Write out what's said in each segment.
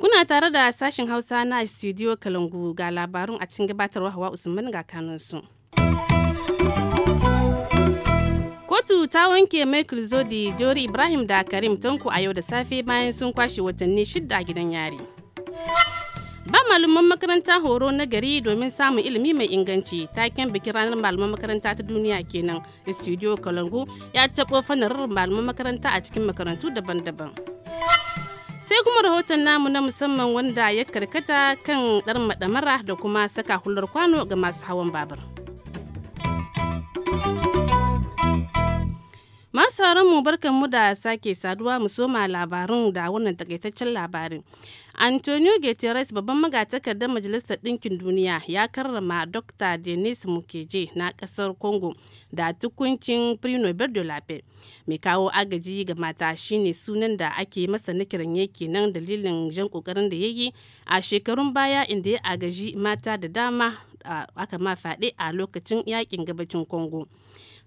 Kuna tare da sashen Hausa na studio Kalangu ga labarun a cikin gabatarwa Hawa Usman ga kanunsu. kotu ta wanke michael zodi jori ibrahim da karim tanko a yau da safe bayan sun kwashe watanni shidda a gidan yari Ba malaman makaranta horo na gari domin samun ilimi mai inganci taken bikin ranar malaman makaranta ta duniya kenan studio Kalangu ya taɓo fanarar malaman makaranta a cikin makarantu daban-daban. Sai kuma rahoton namu na musamman wanda ya karkata kan ɗar madamara da kuma saka hular kwano ga masu hawan babur. sauran mu barkan mu da sake saduwa mu soma labarin da wannan takaitaccen labarin. Antonio Guterres babban magatakardar Majalisar Ɗinkin Duniya ya karrama Dr. Denis Mukeje na kasar Congo da tukuncin Prix berdo de Mai kawo agaji ga mata shine sunan da ake masa na kiranye nan dalilin jan kokarin da yayi a shekarun baya inda ya agaji mata da dama aka ma faɗi a lokacin yakin gabacin Congo.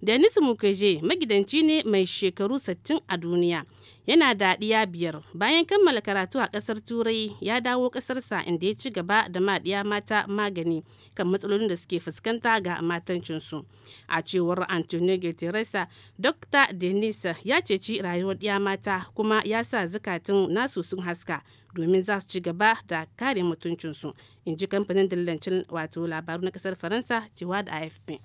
denis mukeje magidanci ne mai shekaru 60 a duniya yana da ɗiya biyar bayan kammala karatu a ƙasar turai ya dawo ƙasarsa inda ya ci gaba da maɗiya mata magani kan matsalolin da suke fuskanta ga matancinsu a cewar antonio guterres dr denis ya ceci rayuwar ɗiya mata kuma ya sa zukatun nasu sun haska domin za su ci gaba da kare mutuncinsu in ji kamfanin dillancin wato labaru na ƙasar faransa cewa da afp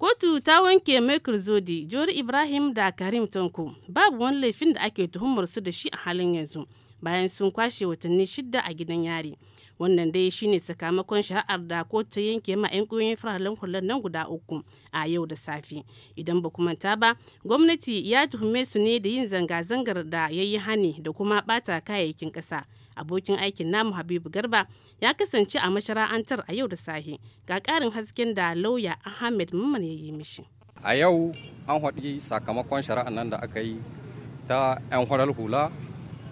Kotu ta wanke Michael Zodi, Jori Ibrahim da Karim Tanko babu wani laifin da ake tuhumar su da shi a halin yanzu bayan sun kwashe watanni shida a gidan yari. Wannan dai shine sakamakon shari'ar da kotu ta yanke ma 'yan koyon fararen hular nan guda uku a yau da safe. Idan ba manta ba, gwamnati ya tuhume su ne da yin zanga-zangar da ya yi hani da kuma ɓata kayayyakin kasa. abokin aikin namu habibu garba ya kasance a mashara'antar a yau da sahi ga ƙarin hasken da lauya ahmed mamman ya yi mishi a yau an haɗi sakamakon shari'a nan da aka yi ta 'yan horar hula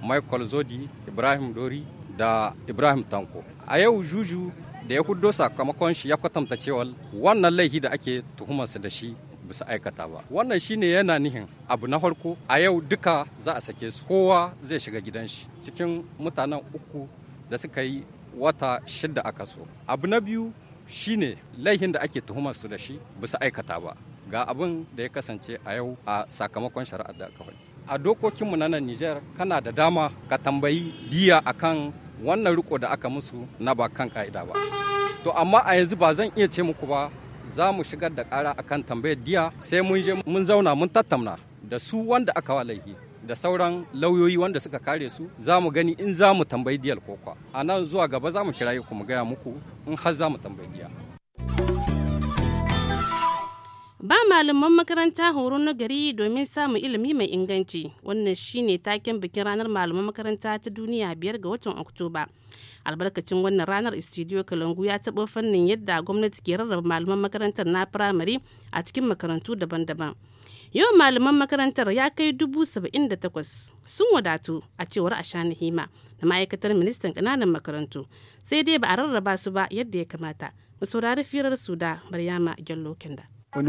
michael zodi ibrahim dori da ibrahim tanko a yau juju da ya hudo sakamakon shi ya kwatanta cewa wannan laifi da ake tuhumarsa da shi bisa aikata ba wannan shine yana nihin abu na farko a yau duka za a sake su kowa zai shiga gidan shi cikin mutanen uku da suka yi wata shida a kaso abu na biyu shine laihin da ake tuhumar su da shi bisa aikata ba ga abin da ya kasance a yau a sakamakon shari'ar da aka faɗi a dokokinmu na nan Nijar kana da dama ka tambayi diya akan wannan riko da aka musu na ba kan ka'ida ba to amma a yanzu ba zan iya ce muku ba za mu shigar da kara akan tambayar diya sai mun je mun zauna mun tattauna da su wanda aka wa laifi da sauran lauyoyi wanda suka kare su za mu gani in za mu tambayi diyar kokwa a nan zuwa gaba za mu kira ku mu gaya muku in har za mu tambayi diya. Ba malaman makaranta horo na gari domin samun ilimi mai inganci wannan shine taken bikin ranar malaman makaranta ta duniya biyar ga watan Oktoba. albarkacin wannan ranar studio kalangu ya taɓa fannin yadda gwamnati ke rarraba malaman makarantar na firamare a cikin makarantu daban-daban yau malaman makarantar ya kai dubu saba'in da takwas sun wadatu a cewar a hima da ma'aikatar ministan ƙananan makarantu sai dai ba a rarraba su ba yadda ya kamata mu saurari firar su da maryama jallo kenda A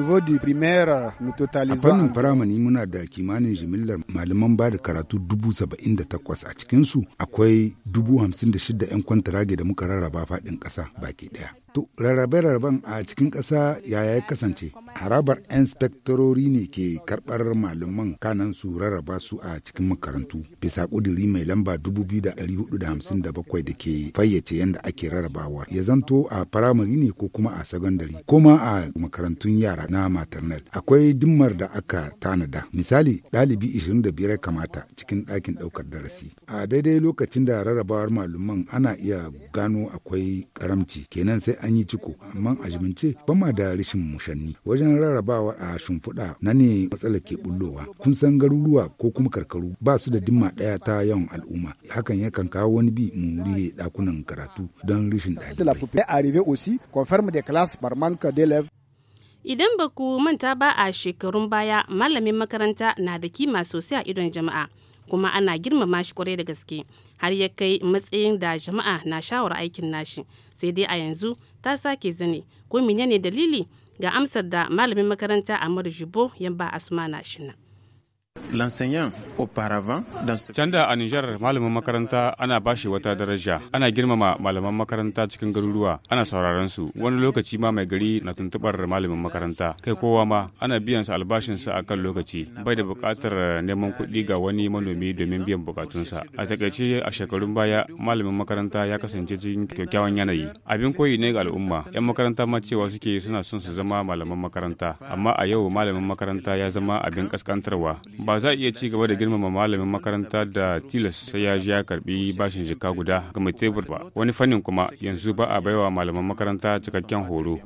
fannin firamani muna da kimanin jimillar malaman ba da karatu dubu saba'in da takwas a cikinsu akwai dubu hamsin da shida 'yan kwantarage da muka rarraba faɗin ƙasa baki ɗaya. To rarrabe-rarraben a cikin ƙasa yaya ya kasance? Harabar inspektorori ne ke karɓar malaman kanan su rarraba su a cikin makarantu. Bisa ƙuduri mai lamba 2,457 da ke fayyace yadda ake rarrabawar. Ya zanto a firamare ne ko kuma a sakandare ko ma a makarantun yara na maternal. Akwai dimmar da aka tanada. Misali, ɗalibi 25 kamata cikin ɗakin ɗaukar darasi. A daidai lokacin da rarrabawar malaman ana iya gano akwai karamci kenan sai an yi ciko amma a jimince ba ma da rashin mushanni wajen rarrabawa a shimfiɗa na ne matsalar ke bullowa kun san garuruwa ko kuma karkaru ba su da dimma ɗaya ta yawan al'umma hakan yakan kawo wani bi mu rihe ɗakunan karatu don rashin ɗalibai. Idan ba ku manta ba a shekarun baya malamin makaranta na da kima sosai a idon jama'a kuma ana girmama shi kwarai da gaske har ya kai matsayin da jama'a na shawar aikin nashi sai dai a yanzu ta sake zane ko menene dalili ga amsar da malamin makaranta amadu Jibo ya ba Asmana Shina. Canda a Nijar malamin makaranta ana bashi wata daraja, ana girmama malaman makaranta cikin garuruwa, ana sauraron su, wani lokaci ma mai gari na tuntubar malamin makaranta, kai kowa ma ana biyan sa albashinsa a kan lokaci, bai da buƙatar neman kuɗi ga wani manomi domin biyan buƙatunsa. A takaice a shekarun baya malamin makaranta ya kasance cikin kyakkyawan yanayi. Abin koyi ne ga al'umma, 'yan makaranta ma cewa suke suna son su zama malaman makaranta, amma a yau malamin makaranta ya zama abin kaskantarwa. ba za a iya ci gaba da girmama malamin makaranta da tilas sai ya ji ya karbi bashin jika guda ga mai tebur ba wani fannin kuma yanzu ba a baiwa malaman makaranta cikakken horo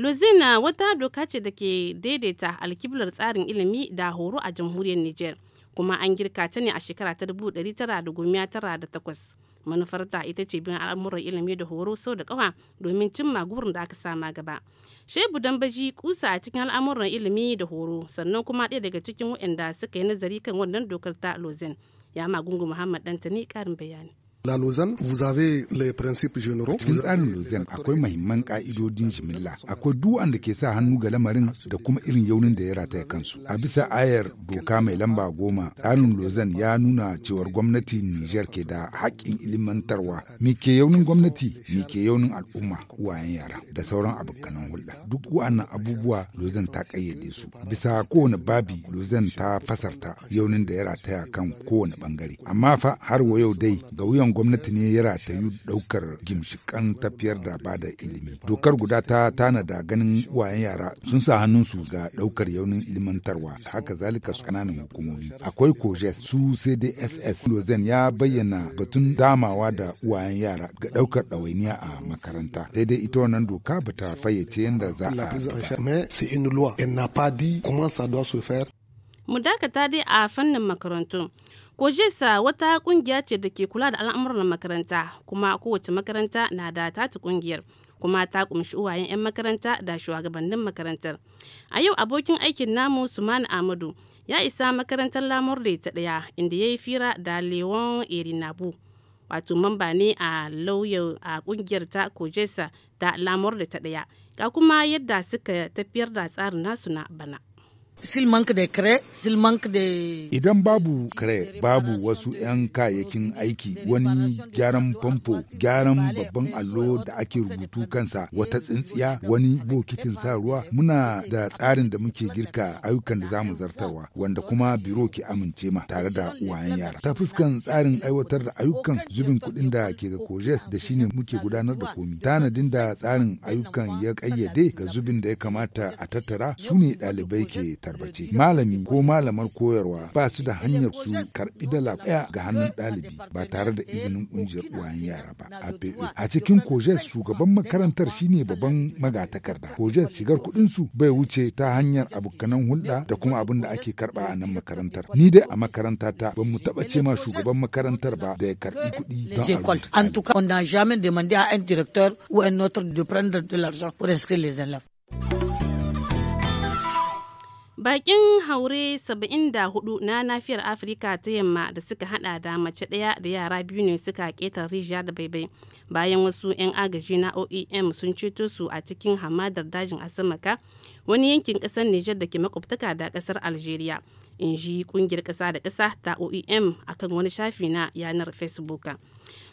luzina wata doka ce da ke daidaita alkiblar tsarin ilimi da horo a jamhuriyar niger kuma an girka ta ne a shekara ta 1998 manufarta ita ce bin al'amuran ilimi da horo sau da kawa domin cimma gurin da aka sama gaba shebu baji kusa a cikin al'amuran ilimi da horo sannan kuma ɗaya daga cikin waɗanda suka yi nazari kan wannan dokar ta lozin ya magungu muhammad dantani karin bayani La Lausanne, vous avez les principes généraux. Cikin tsarin Lausanne akwai mahimman ka'idodin jimilla, akwai duwan da ke sa hannu ga lamarin da kuma irin yaunin da ya rataya kansu. A bisa ayar doka mai lamba goma, tsarin Lausanne ya nuna cewar gwamnati Nijar ke da haƙƙin ilimantarwa. mi ke yaunin gwamnati, mi ke yaunin al'umma, uwayen yara da sauran abokanan hulɗa. Duk wa'annan abubuwa Lausanne ta ƙayyade su. Bisa kowane babi Lausanne ta fasarta yaunin da ya rataya kan kowane ɓangare. Amma fa har wa yau dai ga wuyan gwamnati ne ya ratayu ɗaukar gimshikan tafiyar da ba da ilimi. Dokar guda ta tanada ganin wayan yara sun sa hannunsu ga ɗaukar yaunin ilimantarwa haka zalika su kananan hukumomi. Akwai kojes su CDSS Lozen ya bayyana batun damawa da uwayen yara ga ɗaukar ɗawainiya a makaranta. Sai dai ita wannan doka ba ta fayyace yadda za a. Mu dakata dai a fannin makarantu. kojesa wata kungiya ce da ke kula da al'amuran makaranta kuma kowace makaranta na da tata kungiyar kuma ta kumshi uwayen 'yan makaranta da shugabannin makarantar a yau abokin aikin namu sumana amadu ya isa makarantar lamurde ta daya inda ya yi fira da lewon erinabu wato mamba ne a lauya a kungiyar ta kojesa da lamurde ta daya ga kuma yadda suka tafiyar da tsarin nasu na bana Idan babu kare babu wasu 'yan kayayyakin aiki wani gyaran famfo gyaran babban allo da ake rubutu kansa wata tsintsiya wani bokitin sa ruwa muna da tsarin da muke girka ayyukan da zamu zartarwa wanda kuma biro ke amince ma tare da uwayen yara. Ta fuskan tsarin aiwatar da ayyukan zubin kuɗin da ke ga kojes da shine muke gudanar da komi. Tanadin da tsarin ayyukan ya ƙayyade ga zubin da ya kamata a tattara su ne ɗalibai ke ta tarbace malami ko malamar koyarwa ba su da hanyar su karbi dala ɗaya ga hannun ɗalibi ba tare da izinin ƙungiyar uwayen yara ba ape a cikin kojes shugaban makarantar shine babban magatakarda kojes shigar kuɗin su bai wuce ta hanyar abokanan hulɗa da kuma abin da ake karɓa a nan makarantar ni dai a makaranta ta ban mu taɓa ce ma shugaban makarantar ba da ya karɓi kuɗi don a rubuta. En tout cas, on n'a jamais demandé à un directeur ou un autre de prendre de l'argent pour inscrire les élèves. Bakin haure 74 na nafiyar Afirka ta yamma da suka hada da mace ɗaya da yara biyu ne suka ketar rijiya da baibai bayan wasu 'yan agaji na OEM sun ceto su a cikin hamadar dajin Asamaka wani yankin ƙasar Nijar da ke makwabtaka da ƙasar Algeria in ji kungiyar ƙasa da ƙasa ta OEM akan wani shafi na yanar Facebook.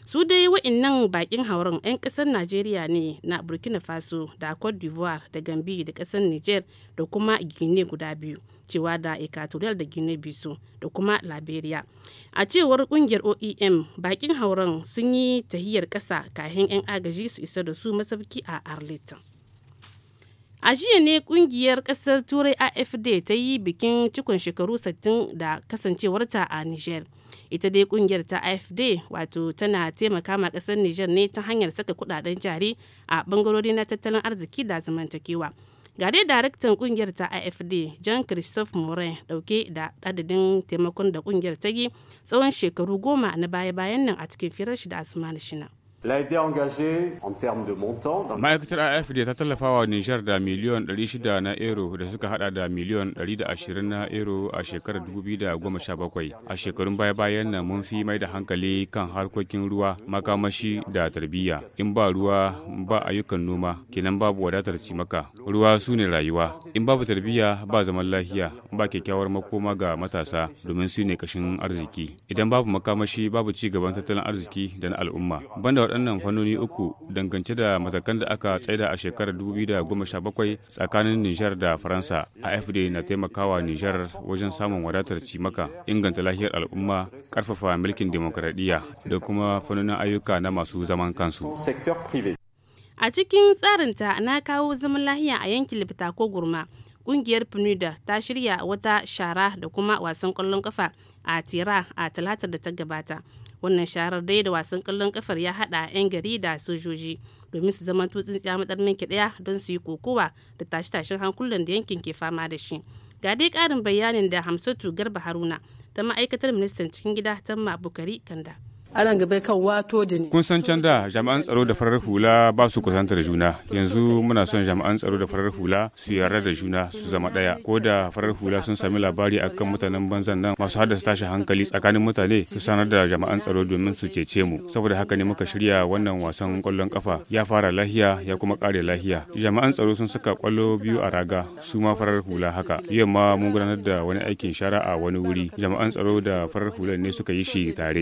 su dai waɗannan bakin hauren 'yan kasar najeriya ne na burkina faso da cote d'ivoire da gambi da kasar niger da kuma guinea guda biyu cewa da equatorial da guinea bissau da kuma liberia a cewar kungiyar oem bakin hauren sun yi tahiyar kasa kahin 'yan agaji su isa da su masauki a arlington a jiya ne kungiyar kasar turai afd ta yi bikin cikon shekaru 60 da kasancewarta a niger ita dai kungiyar ta afd wato tana taimaka ma kasar niger ne ta hanyar saka kudaden jari a bangarori na tattalin arziki da zamantakewa ga dai daraktan kungiyar ta ifd john christophe morin dauke da adadin taimakon da kungiyar ta yi tsawon shekaru goma na baya-bayan nan a cikin firar shi da asuma shina Ma'aikatar AFD ta tallafa wa Nijar da miliyon 600 na euro da suka hada da miliyon 120 na euro a shekarar 2017. A shekarun baya-bayan nan mun fi mai da hankali kan harkokin ruwa, makamashi da tarbiyya. In ba ruwa ba ayyukan noma, kenan babu wadatar cimaka. Ruwa su ne rayuwa. In babu tarbiyya ba zaman lafiya, ba kyakkyawar makoma ga matasa domin su ne kashin arziki. Idan babu makamashi babu ci gaban tattalin arziki da na al'umma. Banda waɗannan fannoni uku dangance da matakan da aka tsaida a shekarar 2017 tsakanin Nijar da Faransa. AFD na taimakawa Nijar wajen samun wadatar cimaka, inganta lafiyar al'umma, karfafa mulkin demokradiyya da kuma fannonin ayyuka na masu zaman kansu. A cikin tsarinta na kawo zaman lahiya a yankin Libita ko Gurma. kungiyar Pinida ta shirya wata shara da kuma wasan kwallon kafa a Tira a talatar da ta gabata. wannan sharar dai da wasan kallon kafar ya hada 'yan gari da sojoji domin su zama tutsin tsiya matsalmin ki daya don su yi kokowa da tashe-tashen hankulan da yankin ke fama da shi ga dai karin bayanin da hamsatu garba haruna ta ma'aikatar ministan cikin gida tamma bukari kanda aran gaba kan wato din kun san can da jami'an tsaro da farar hula ba su kusantar juna yanzu muna son jami'an tsaro da farar hula su yarda da juna su zama ɗaya ko da farar hula sun sami labari akan mutanen banzan nan masu haddasa tashi hankali tsakanin mutane su sanar da jami'an tsaro domin su cece mu saboda haka ne muka shirya wannan wasan kwallon kafa ya fara lahiya ya kuma kare lahiya jami'an tsaro sun saka kwallo biyu a raga su ma farar hula haka yamma mun gudanar da wani aikin shara a wani wuri jami'an tsaro da farar hula ne suka yi shi tare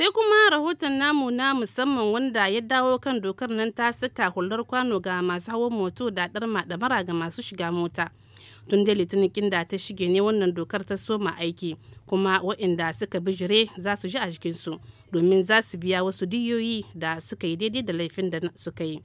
sai kuma rahoton namu na musamman wanda ya dawo kan dokar nan ta saka hular kwano ga masu hawan moto da mara ga masu shiga mota tun da litinin da ta shige ne wannan dokar ta soma aiki kuma waɗanda suka bijire za su ji a jikinsu domin za su biya wasu diyoyi da suka yi daidai da laifin da suka yi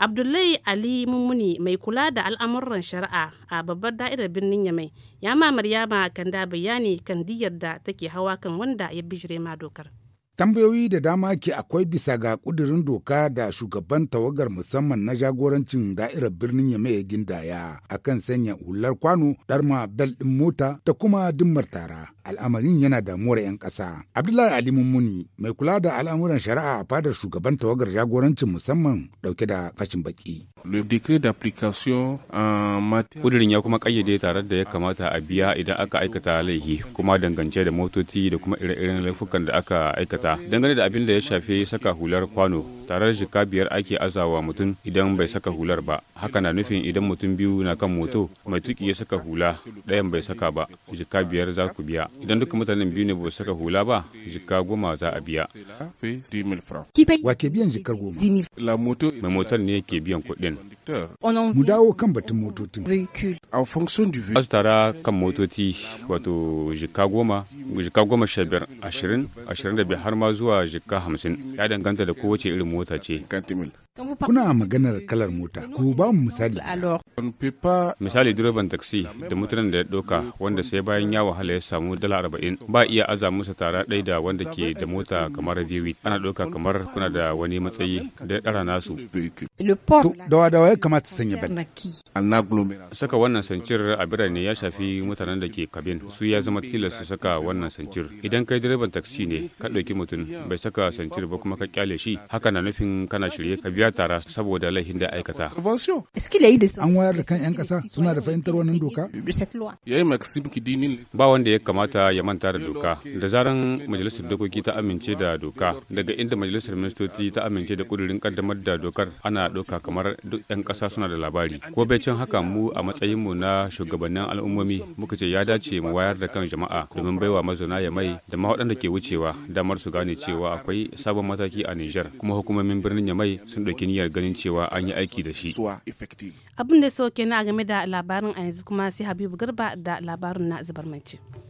abdullahi ali mummuni mai kula da al'amuran shari'a a babbar da'irar birnin yamai ya mamar maryama kan da bayani kan diyar da take hawa kan wanda ya bijire ma dokar Tambayoyi da dama ke akwai bisa ga ƙudirin doka da shugaban tawagar musamman na jagorancin da'irar birnin Yamai gindaya akan sanya hular kwano, ɗarma bel din mota da kuma dimmar tara. al'amarin yana damuwar 'yan ƙasa. Abdullahi Ali Mummuni mai kula da al'amuran shari'a a fadar shugaban tawagar jagorancin musamman dauke da fashin baki. Kudirin ya kuma kayyade tare da ya kamata a biya idan aka aikata laifi kuma dangance da motoci da kuma ire-iren laifukan da aka aikata. Dangane da abin da ya shafi saka hular kwano tare da shika biyar ake azawa mutum idan bai saka hular ba. Haka na nufin idan mutum biyu na kan moto mai tuki ya saka hula ɗayan bai saka ba jika biyar za ku biya. idan duka mutanen biyu ne ba saka hula ba jikka goma za a biya wa ke biyan jikkar goma mai motar ne ke biyan kuɗin mu dawo kan batun motocin a tara kan motoci wato jikka goma jikka goma sha biyar ashirin ashirin da biyar har ma zuwa jikka hamsin ya danganta da kowace irin mota ce kuna maganar kalar mota ku ba mu misali misali direban taxi da mutanen da ya ɗauka wanda sai bayan ya wahala ya samu dala arba'in ba iya aza musu tara ɗai da wanda ke da mota kamar biwi ana ɗauka kamar kuna da wani matsayi da ɗara nasu dawa-dawa ya kamata sanya bane. Saka wannan sancir a birane ya shafi mutanen da ke kabin su ya zama tilas su saka wannan sancir. Idan kai direban taksi ne ka ɗauki mutum bai saka sancir ba kuma ka kyale shi haka na nufin kana shirye ka biya tara saboda laifin da aikata. An wayar da kan 'yan ƙasa suna da fahimtar wannan doka? Ba wanda ya kamata ya manta da doka. Da zaran majalisar dokoki ta amince da doka daga inda majalisar ministoci ta amince da ƙudurin kaddamar da dokar ana dauka kamar duk 'yan ƙasa suna da labari. Ko bai cin haka mu a matsayin mu na shugabannin al'ummomi muka ce ya dace mu wayar da kan jama'a domin baiwa mazauna ya mai da ma waɗanda ke wucewa damar su gane cewa akwai sabon mataki a Nijar kuma hukumomin birnin ya mai sun ɗauki niyyar ganin cewa an yi aiki da shi. Abin da so kenan a game da labarin a yanzu kuma sai Habibu Garba da labarin na zubar mace.